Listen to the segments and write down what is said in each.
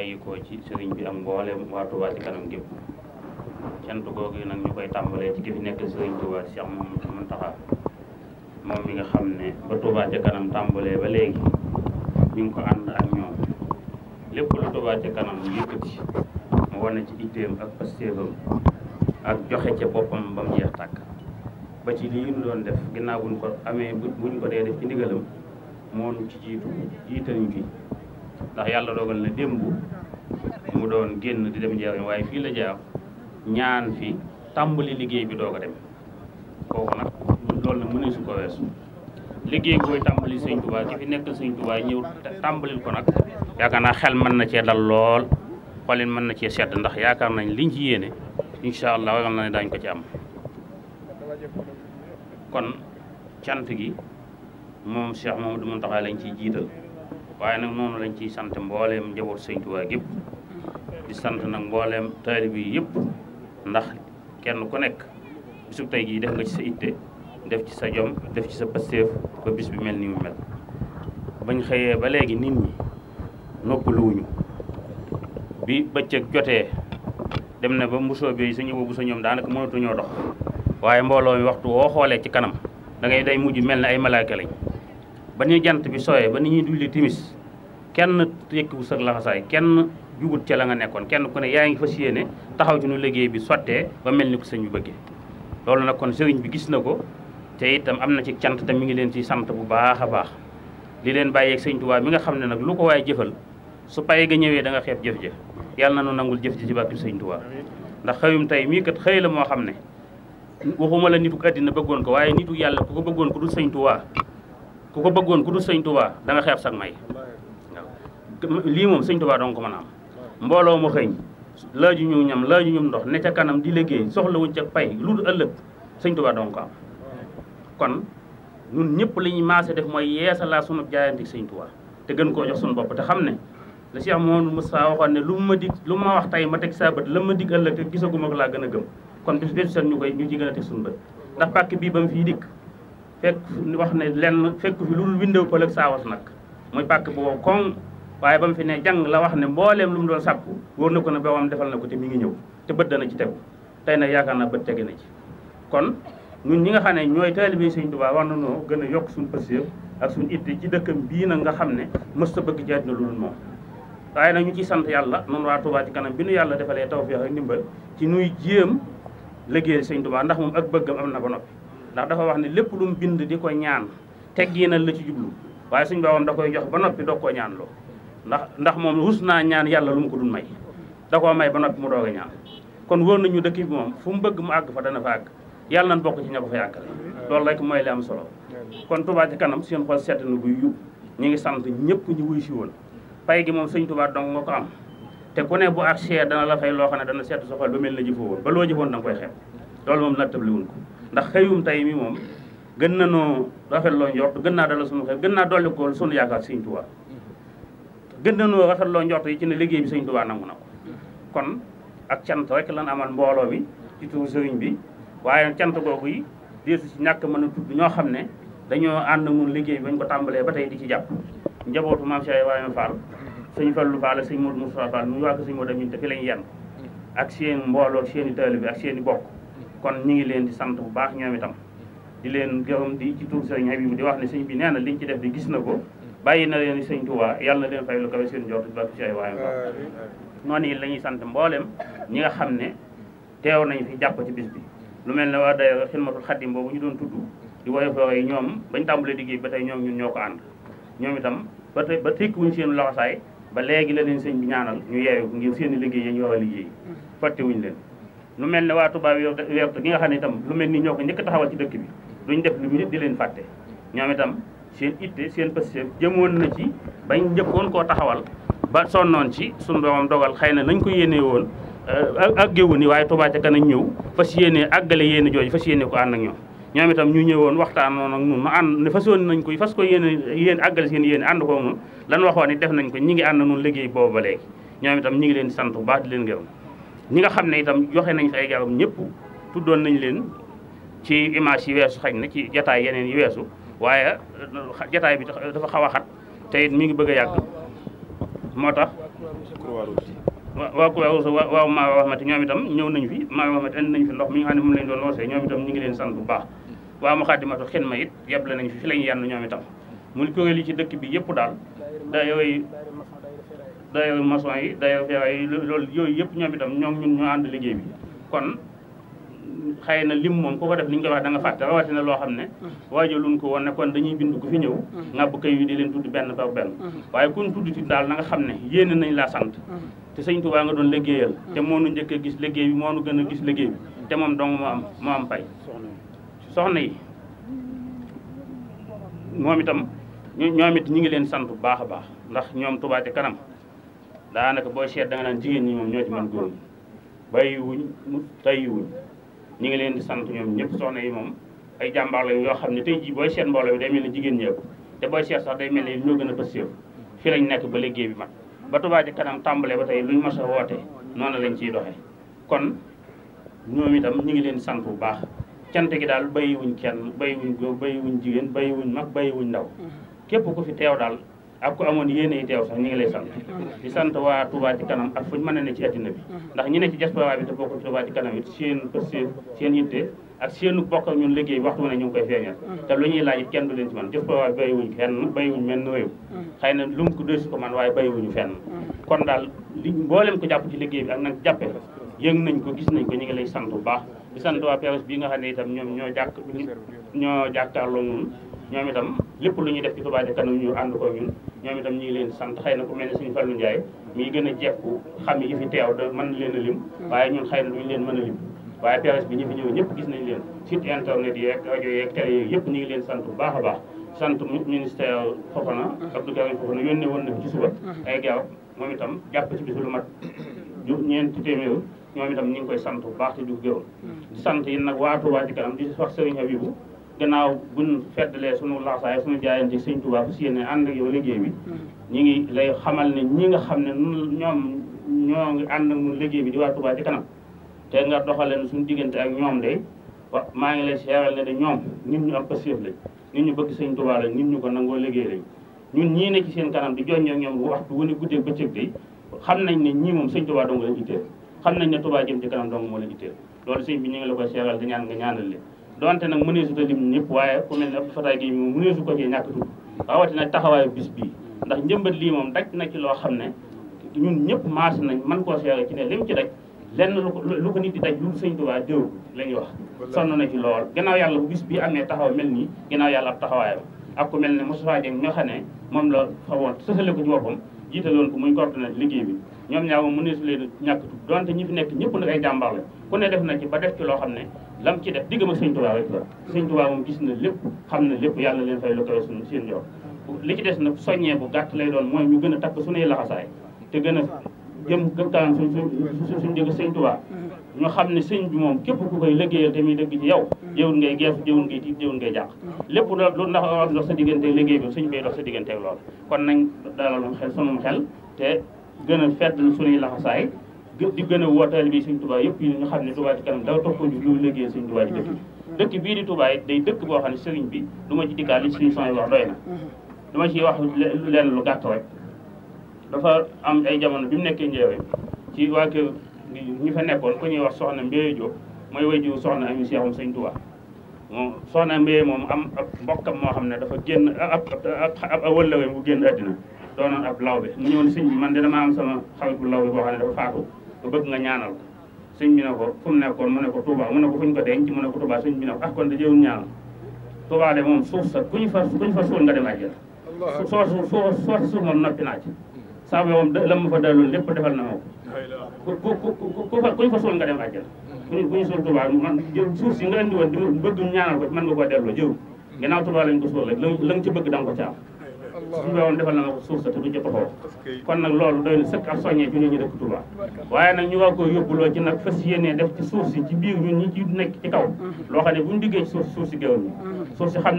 bàyyikoo ci sëriñ bi ak mboolem waa Touba ci kanam gépp ko googu nag ñu koy tàmbalee ci ki fi nekk sëriñ Touba Cheikh Mouhamadou Mountakha moom mi nga xam ne ba Touba ca kanam tàmbalee ba léegi ñu ngi ko ànd ak ñoom lépp lu Touba ca kanam yëkkati mu na ci itteem ak pastéefam ak joxe ca boppam ba mu jeex tàkk ba ci lii ñu doon def ginnaaw buñ ko amee buñ ko dee def ci ndigalam moonu ci jiitu jiitañ ndax yàlla dogal na démb mu doon génn di dem njaareem waaye fii la jaar ñaan fi tàmbali liggéey bi doo ko dem kooku nag loolu nag mëneesu ko weesu liggéey booy tàmbali sëñ Tuubaa ki fi nekk sëñ Tuubaa ñëw tàmbalil ko nag yaakaar naa xel mën na cee dal lool xolin mën na cee sedd ndax yaakaar nañ liñ ci yéene incha allah waral ne daañ ko ci am kon cant gi moom Cheikh Mamadou Mountakha lañ ciy jiital waaye nag noonu lañ ciy sant mbooleem njaboot sëñ Tuubaa gépp di sant nag mbooleem taalib yi yëpp ndax kenn ku nekk bisub tey gii def nga ci sa itte def ci sa jom def ci sa pasteef ba bis bi mel ni mu mel bañ xëyee ba léegi nit ñi noppaluwuñu bi bëccëg jotee dem na ba mbusoo bi sa ñëw bu sa ñoom daanaka mënatuñoo dox waaye mbooloo mi waxtu woo xoolee ci kanam da day mujj mel ni ay malaaka ba ni jant bi sooyee ba ni ñuy dulli timis kenn yëkkiwu sag laxasaay kenn jugut ca la nga nekkoon kenn ku ne yaa ngi fas yéene taxaw ci nu liggéey bi sottee ba mel ni ko sëñ bi bëggee loolu nag kon sëriñ bi gis na ko te itam am na ci cant te mu ngi leen ci sant bu baax a baax li leen bàyyeeg sëñ Tuubaa mi nga xam ne nag lu ko waaye jëfal su pay ga ñëwee da nga xeeb jëf-jëf yàlla na nu nangul jëf ji ci bàkki sëñ Tuubaa ndax xëyum tey mii kat xëy la moo xam ne waxuma la nitu àddina bëggoon ko waaye nitu yàlla ku ko bëggoon ku dul sëñ Tuubaa ku ko bëggoon ku da nga xeeb sag may lii moom sëñ Tuubaa dong ko mën a mbooloo mu xëy laaju ñu ñam laaju ñu ndox ne ca kanam di liggéey soxlawuñ ca pay lu dul ëllëg sëñ Tuubaa doon ko am kon ñun ñëpp li ñuy maase def mooy yeesalaa sunu jaayante sëñ Tuubaa te gën koo jox sunu bopp te xam ne si Cheikh Mouhamadou Moustapha waxoon ne lu mu ma dig lu ma wax tey ma teg saa bët la ma dig ëllëg te gisaguma ko laa gën a gëm kon bis bés seen ñu koy ñu ci gën a teg sunu bët ndax pàkk bii ba mu fii dikk fekk wax ne lenn fekk fi lu dul windew nag muy pàkk boobu kon waaye ba mu fi ne jàng la wax ne mbooleem lu mu doon sàkku wóor na ko ne boobam defal na ko te mu ngi ñëw te bët dana ci tegu tey nag yaakaar naa bët tege na ci kon ñun ñi nga xam ne ñooy taalibe Sëñ Tuubaa war nañoo gën yokk suñu pëstéef ak suñu itte ci dëkkam bii nag nga xam ne mës ta bëgg ci àddina lu dul moom waaye nag ñu ciy sant yàlla noonu waa Tuubaa ci kanam bi nu yàlla defalee taw tawfeex ak ndimbal ci nuy jéem liggéey Sëñ Tuubaa ndax moom ak bëggam am na ba noppi ndax dafa wax ne lépp lu mu bind di ko ñaan tegginal la ci jublu waaye suñ boobam da koy jox ba noppi doo ko ñaan ndax ndax moom rus naa ñaan yàlla lu ma ko dun may da koo may ba noppi mu doog a ñaan kon na ñu dëkk bi moom fu mu bëgg mu àgg fa dana fa àgg yàlla nañ bokk ci ña ko fa yàggale loolu rek mooy li am solo kon Touba ci kanam seen xol sedd na guy yu ñu ngi sant ñëpp ñu wuy si woon pay gi moom sëñ Touba dong nga ko am te ku ne bu ak cher dana la fay loo xam ne dana seet sa xol ba mel na jëfoo woon ba loo jëfoon da nga koy xeeb loolu moom nattabli wuñ ko ndax xëyum tey mi moom gën na noo rafet loo njort gën naa dalal suñu xel gën naa dolli ko sunu yaakaar sëñ Touba gën nañoo rafetloo njort yi ci ne liggéey bi sëriñ Tuubaa nangu na ko kon ak cant rek lan amal mbooloo bi ci turu sëriñ bi waaye cant googu yi deesu ci ñàkk mën a tudd ñoo xam ne dañoo ànd mun liggéey bi bañ ko tàmbalee ba tey di ci jàpp njabootu maam Cheikh Ibrahima Fall sëñ lu Fallu Fall sëñ Modou Moussa Fall muy waa ko sëñ Modou Amin te fi lañ yenn ak seen mbooloo seen i taalibe bi ak seen i bokk kon ñu ngi leen di sant bu baax ñoom itam di leen di ci tur sëriñ Habib wax ne sëñ bi nee na liñ ci def di gis na ko bàyyi na leen sëñ Touba yàlla na leen fay lu kawe seen njort ba ci ay waayam baax noonu yi la ñuy sant mboolem ñi nga xam ne teew nañ fi jàpp ci bis bi lu mel ne waa daayira Xidmatul Xaadim boobu ñu doon tudd di woyof yi ñoom bañ tàmbalee liggéey ba tey ñoom ñun ñoo ko ànd ñoom itam ba tey ba seen loxosaay ba léegi la leen sëñ bi ñaanal ñu yeewu ngir seen liggéey ya ñu war a liggéey lu mel ne waa Touba Verte gi nga xam ne itam lu mel ni ñoo ko njëkk taxawal ci dëkk bi duñ def lu ñu di leen fàtte ñoom itam seen itte seen pëstéef jëmoon na ci bañ njëkkoon koo taxawal ba sonnoon ci suñu doomam dogal xëy na nañ ko yéenee woon euh, ak géwu ni waaye Touba ca kanam ñëw fas yéenee àggale yéene jooju fas yéene ko ànd nañu ñoom itam ñu ñëwoon waxtaan noonu ak ñun nu ànd ne nañ ko fas ko yéene yéen àggale seen yéene ànd ko moom lan waxoon ni def nañ ko ñi ngi ànd noonu liggéey boobu ba léegi ñoom itam ñi ngi leen sant bu baax di leen gërëm ñi nga xam ne itam joxe nañ fi ay garab ñëpp tuddoon nañ leen ci image yi weesu xañ na ci jataay yeneen yi weesu waaye euh, jataay bi dafa xaw a xat te it mi ngi bëgg a yàgg moo tax waaw waaw waaw maa wax mati ñoom itam ñëw nañu fi maa wax mati andi nañu fi ndox mi nga xam ne moom lañ doon loosee ñoom ngi leen sant bu baax waaw mu xaddimatu xin ma it yeble nañ fi fi lañ yenn ñoom itam mu ni kuréel yi ci dëkk bi yëpp daal daa yooyu daa yooyu yi daa yooyu loolu yooyu yëpp ñoom itam ñoom ñun ñoo ànd liggéey bi kon xëy na lim moom ku ko def ni ñu koy wax da nga fàtte rawatina loo xam ne mm-hmm. waajaluñ ko woon ne kon dañuy bind ku fi ñëw mm-hmm. ngàbb kay yu di leen tudd benn par benn mm-hmm. waaye kun tudd ci daal nga xam ne yéene nañ laa sant te sëñ Tuubaa nga doon liggéeyal te moo nu njëkk a gis liggéey bi moo nu gën a gis liggéey bi te moom moo am moo am pay soxna yi moom itam ñoom it ñi ngi leen sant bu baax a baax ndax ñoom Touba Ca Kanam daanaka booy seet jigéen ñi moom ñoo ci mën góor ñi ñu ngi leen di sant ñoom ñëpp soxna yi moom ay jàmbaar yoo xam ne tey jii booy seet mbooloo bi day mel ne jigéen ñëpp te booy seet sax day mel ne ñoo gën a pësseew fii lañ nekk ba liggéey bi mag ba Touba Ca Kanam tàmbalee ba tey luñ mos a woote noonu lañ ciy doxee kon ñoom itam ñu ngi leen sant bu baax cant gi daal bàyyiwuñ kenn bàyyiwuñ góor bàyyiwuñ jigéen bàyyiwuñ mag bàyyiwuñ ndaw mm-hmm. képp ku fi teew daal ak ko amoon yéene yi teew sax ñu ngi lay sant di sant waa Touba ci kanam ak fu ñu mën a ne ci àddina bi ndax ñi ne ci diaspora bi te bokk ci Touba ci kanam it seen seen bokk ñun liggéey waxtu ne ñu ngi te lu ñuy laaj kenn du leen ci man diaspora bi bàyyiwuñ kenn bàyyiwuñ mel ni réew xëy na lu mu ko doy ko man waaye bàyyiwuñu fenn kon daal li mboolem ko jàpp ci liggéey bi ak nag jàppe yëg nañ ko gis nañ ko ñu ngi lay sant bu baax di sant waa PRS bi nga xam ne itam ñoom ñoo jàkk ñoo jàkkaarloo ñun ñoom itam lépp lu ñuy def ci Touba ca kanam ñu ànd ko ñun ñoom itam ñu ngi leen sant xëy na ko mel ne suñu Fallou Ndiaye mi gën a jekku xam yi fi teew da mën leen a lim waaye ñun xëy na duñu leen mën a lim waaye presse bi ñu fi ñëw ñëpp gis nañ leen site internet yeeg rajo yeeg télé yeeg yëpp ñu ngi leen sant bu baax a baax sant ministère Fofana Abdou Karim Fofana yónnee woon na ci suba ay gaaw moom itam jàpp ci bisu lu mat ju ñeenti téeméer ñoom itam ñu ngi koy sant bu baax te du gërëm yi nag waa Touba ci kanam di wax Serigne gannaaw buñ feddalee sunu laxasaay sunu jaayante sëñ Tuubaa fas yéene ànd ak yow liggéey bi mm. ñi ngi lay xamal ne ñi nga xam ne ñoom ñoo ngi ànd ak nun liggéey bi di waa Tuubaa ci kanam te nga doxaleen suñu diggante ak ñoom de wa maa ngi lay seeral ne ñoom nit ñu am pasif lañ nit ñu bëgg sëñ Tuubaa lañ nit ñu ko nangoo liggéey lañ ñun ñii ne ci seen kanam di joñ ñoom waxtu wu ne guddee bëccëg de xam nañ ne ñii moom sëñ Tuubaa dong lañ itteel xam nañ ne Tuubaa jëm ci kanam dong moo lañ itteel loolu sëñ bi ñu ngi la koy seeral di ñaan nga ñaanal leen donte nag mënee su ta lim ñëpp waaye ku mel ne fataay gi moom mënee su ko cee ñàkk tudd rawatina taxawaayu bis bii ndax njëmbat lii moom daj na ci loo xam ne ñun ñëpp maas nañ man koo seere ci ne lim ci daj lenn lu ko lu ko nit di daj lu sëñ Tuubaa déw la ñuy wax sonn na ci lool gannaaw yàlla bu bis bii amee taxaw mel nii gannaaw yàlla ab taxawaayam ak ku mel ne Moustapha Dieng ñoo xam ne moom la xawoon sësale ko ci boppam jiitaloon ko muy coordonné liggéey bi ñoom ñaar moom mënee su leen ñàkk tudd donte ñi fi nekk ñëpp nag ay jàmbaar la ku ne def na ci ba def ci loo xam ne lam ci def digg ma sëñ Tuubaa rek la sëñ Tuubaa moom gis na lépp xam na lépp yàlla leen fay lu koy suñu seen jox li ci des nag soññee bu gàtt lay doon mooy ñu gën a takk suñuy laxasaay te gën a jëm gëm kanam suñ suñ suñ jëg sëñ Tuubaa ñu xam ne sëñ bi moom képp ku koy liggéeyal te muy dëgg ci yow jëwul ngay geesu jëwul ngay tiit jëwul ngay jàq lépp lu ndax am dox sa diggante liggéey bi sëñ bay dox sa diggante lool loolu kon nañ dalal xel sunum xel te gën a fedd suñuy laxasaay di gën a woo taalibe yi Sëñ Tuubaa yëpp yi nga xam ne Tuubaa ci kanam daaw toppoo ñu lu liggéey Sëñ Tuubaa ci dëkk bi dëkk bii di Tuubaa it day dëkk boo xam ne sëriñ bi lu ma ci dikkaat li suñu sony wax doy na mhm. lu ma ciy wax lenn lu gàtt rek dafa am ay jamono bi mu nekkee njeewe ci waa kër ñi fa nekkoon ku ñuy wax soxna Mbéye Diop mooy way jiw soxna ami seexum Sëñ Tuubaa moom soxna Mbéye moom am ab mbokkam moo xam ne dafa génn ab ab wëllawee bu génn àddina doonoon ab lawbe mu ñëw ne sëñ bi man de dama am sama xarit bu lawbe boo xam ne dafa faatu ba bëgg nga ñaanal ko sëñ ne ko fu mu ko Touba mu ne ko fuñ ko denc mu ne ko Touba sëñ bi ne ko ah kon da jëwun ñaanal Touba de moom suuf sa kuñu fa kuñu fa suul nga dem àjjana soo soo soo suuf moom noppi naa ci la ma fa daloon lépp defal na ma ko ku fa kuñu fa suul nga dem àjjana kuñu kuñu suul Touba man jël suuf si nga indi woon di bëgg ñaanal ko mën nga koo delloo jëw mm. ginnaaw Touba lañ ko suul rek la nga ci bëgg da nga ko caam suñu borom defal na nga ko suuf sa te du ca toxoo kon nag loolu doy na si biir ñun ñi ci mm-hmm. loo xam ne bu ñu diggee ci suuf suuf si géwél ñi mm-hmm. suuf si xam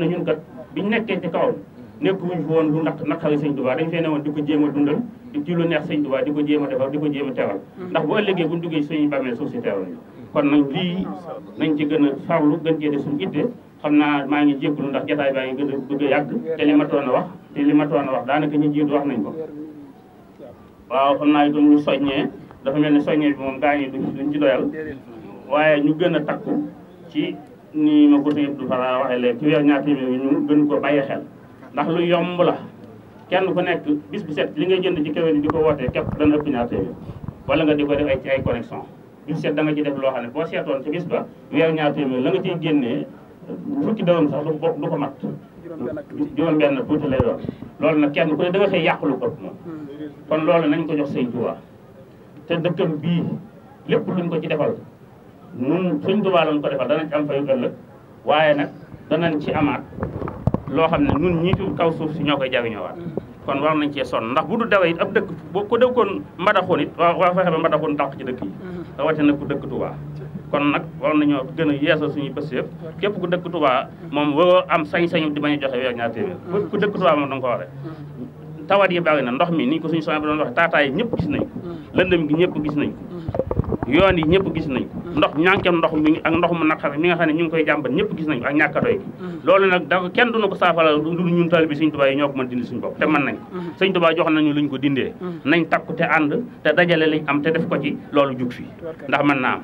ne woon lu naq naqari sëñ Touba dañ fee ne woon di ko a dundal di ci ko ko jéem a teewal mm-hmm. ndax bu ëllëgee bu ñu duggee ci nag gën a farlu gën cee def suñu itte xam naa maa ngi jégalu ndax jotaay baa ngi gën a bëgg a yàgg te li wax te li ma toon a wax daanaka ñu jiitu wax nañ ko waaw xam naa itam ñu soññee dafa mel ni soññee bi moom gaa ñi duñ ci doyal waaye ñu gën a takku ci ni ma ko sëñ Abdou Fara waxee léegi ci weer ñaar téeméer ñu gën ko bàyyi xel ndax lu yomb la kenn ko nekk bis bu set li nga jënd ci yi di ko wootee képp dana ëpp ñaar téeméer wala nga di ko def ay ci ay connexion bis set da nga xam ne boo seetoon ci bis ba weer ñaar téeméer la nga ciy génnee fukki dërëm sax du ko mat juróom-benn tuuti lay doon loolu nag kenn ku ne da nga xëy yàqulu ko moom kon loolu nañ ko jox sëñ Tuubaa te dëkkam bii lépp luñ ko ci defal nun sëñ Tuubaa lañ ko defal danañ ci am waaye nag danañ ci amaat loo xam ne nun ñii ci kaw suuf si ñoo koy jariñoowaat hmm. kon war nañ cee sonn ndax bu du dawee it ab dëkk boo ko dëkkoon mbadaxoon it waa waa fexe ba mbadaxoon dàq ci dëkk yi hmm. rawatina ku dëkk Tuubaa kon nag war nañoo gën a yeesal suñuy pëstéef képp ku dëkk Touba moom waroo am sañ-sañu di bañ a joxe weer ñaar téeméer mm-hmm. ku dëkk Touba moom da nga ko waree mm-hmm. tawat yi bari na ndox mi ni ko suñu soxna bi doon waxe taataay ñëpp gis nañ ko mm-hmm. lëndëm gi ñëpp gis nañ yoon yi ñëpp gis nañ ndox ñànkem ndox mi ak ndox mu naqar mi nga xam ne ñu ngi koy jàmbat ñëpp gis nañ ak ñàkk a doy loolu nag da kenn du na ko saafara lu ñun taalibe Sëñ Tuubaa yi ñoo ko mën dindi suñu bopp te mën nañ ko Sëñ Tuubaa jox nañu luñ ko dindee nañ te ànd te dajale liñ am te def ko ci loolu jug fii ndax mën naa am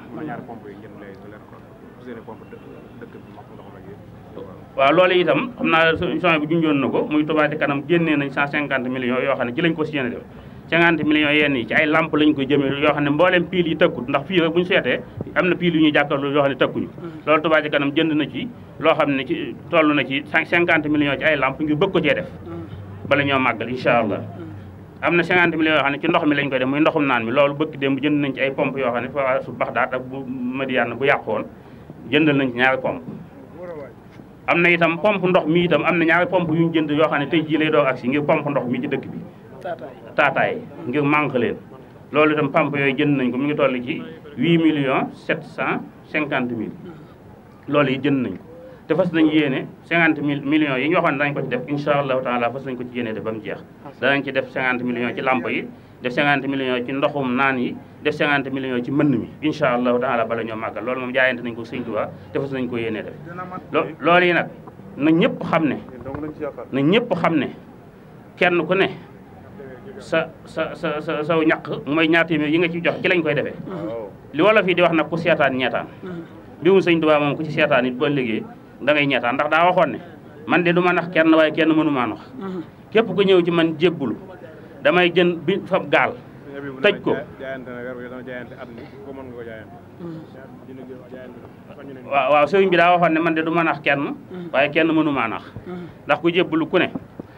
waaw loolu itam xam naa solution bi junjoon na ko muy Tuubaa ci kanam génnee nañ cent cinquante millions yoo xam ne ci lañ ko signé def cinquante millions yenn yi ci ay làmp lañ ko jëmee yoo xam ne mbooleem piil yi tëkkut ndax fii bu ñu seetee am na piil yu ñuy jàkkaarloo yoo xam ne tëkkuñu mm-hmm. loolu Touba Ca Kanam jënd na ci loo xam ne toll na ci cinquante millions ci ay lamp ngir bëgg ko cee def mm-hmm. bala ñoo màggal incha allah mm-hmm. am na cinquante millions yoo xam ci ndox mi lañ koy def muy naan mi loolu bëgg démb jënd nañ ci ay ne fa su Baxdaad ak bu Madiyana bu yàqoon jëndal nañ ci ñaari pompe am na itam pompe ndox mi itam am na ñaari pompe yu ñu jënd yoo xam ne tey jii lay doo agsi ngir pompe ndox mi ci dëkk bi taataay ngir manque leen loolu itam pamp yooyu jënd nañ ko mu ngi toll ci huit millions sept cent cinquante mille mm-hmm. loolu yi jënd nañ ko te fas nañ yéene cinquante mille yi ñu waxoon dañ ko ci def insha allahu taala fas nañ ko ci yéene def ba mu jeex danañ ci def cinquante millions ci ndoxum naan yi def cinquante millions ci mbënn mi insha allahu taala bala ñoo màggal loolu moom jaayante nañ ko sëñ te fas nañ ko yéene def loolu yi nag na ñëpp sa sa sa sa saw ñaq mooy ñaar téeméer yi nga ci jox ci lañ koy defee li wala fii di wax nag ku seetaan ñeetaan mbirum mm-hmm. sëñ Tuubaa moom ku ci seetaan it boo liggéey da ngay ñeetaan ndax daa waxoon ne man de du ma nax kenn waaye kenn mënu maa nax mm-hmm. képp ku ñëw ci man jébbulu damay jën bi fab gaal tëj ko mm-hmm. waaw waaw sëriñ bi daa waxoon ne man de du ma nax kenn waaye kenn mënu maa nax ndax ku jébbulu ku ne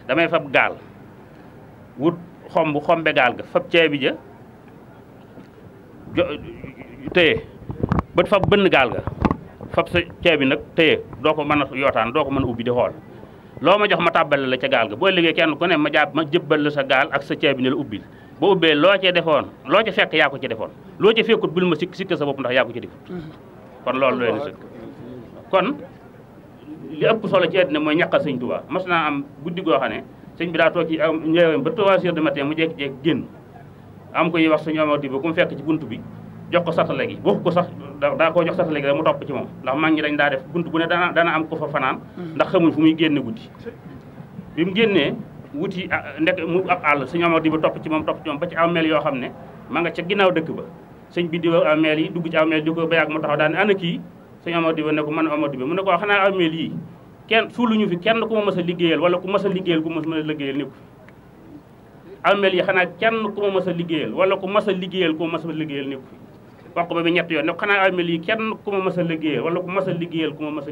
damay fab gaal wut xomb xombe gaal ga fab ceebi ja téye bët fab bënn gaal ga fab sa ceebi nag téye doo ko man a yootaan doo ko mën a ubbi di xool loo ma jox ma tàbbale la ca gaal ga boo liggéey kenn ku ne ma ma jëbbal sa gaal ak sa ceebi ne la ubbil boo ubbee loo cee defoon loo ca fekk yaa ko defoon loo ca fekkut bul ma sikk sikk sa bopp ndax yaa ko ci defut mhm. kon li ëpp solo ci àddina mooy ñaqal sëñ Tuubaa mas am guddi goo xam sëñ bi daa toog ci am ñëwem mu jékki-jékki génn am koy wax suñu amati bi ku mu fekk ci bunt bi jox ko satale gi waxu ko sax daa koo jox satale gi rek topp ci moom ndax mag ñi dañ daa def bunt bu ne dana dana am ko fa fanaan mm. ndax xamuñ fu muy génne wuti ah, ndek mu ab àll suñu amati bi topp ci moom topp ci moom ci aw mel yoo xam ne ma nga ca ginnaaw dëkk ba sëñ bi di aw mel yi dugg ci aw mel di ko ba yàgg mu taxaw daal ne ana kii suñu amati bi mu ne ko xanaa aw mel yi kenn suulu ñu fi kenn ku ma mës a liggéeyal wala ku mës a liggéeyal ku ma a liggéeyal nekku fi amel yi xanaa kenn ku ma mës a liggéeyal wala ku mës a liggéeyal ku ma mës a liggéeyal nekku fi wax ko ba bi ñett yoon ne xanaa amel yi kenn ku ma mës a liggéeyal wala a liggéeyal ku ma mës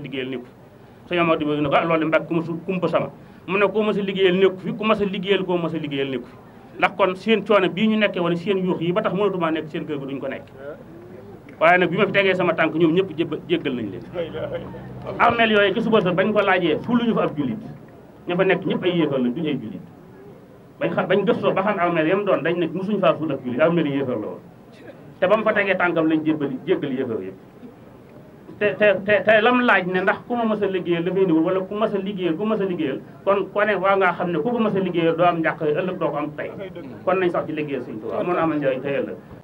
a Ba ne ko ah a liggéeyal nekku fi ku mës liggéeyal ndax kon seen coono bii ñu nekkee wala seen yuux yi ba tax mënatumaa nekk seen kër duñ ko nekk waaye nag bi ma fi tegee sama tànk ñoom ñëpp jéggal nañ leen armeel yooyu ci suba sax bañ ko laajee fu lu ñu fa ab jullit ña fa nekk ñëpp ay yéefar lañ duñu ay jullit bañ xam bañ gëstoo ba xam armeel yam doon dañ ne musuñ faa suul ab jullit armeel la woon te ba mu fa tegee tànkam lañ jébbali jéggal yéefar yëpp te te te lam laaj ne ndax ku ma mës a liggéeyal dafay niwul wala ku mës a liggéeyal ku mës a liggéeyal kon ko ne waa ngaa xam ne ku ko mës a liggéeyal doo am njàq ëllëg doo ko am tey kon nañ sax ci liggéeyal suñ tubaab moon amal njëriñ tey ëllëg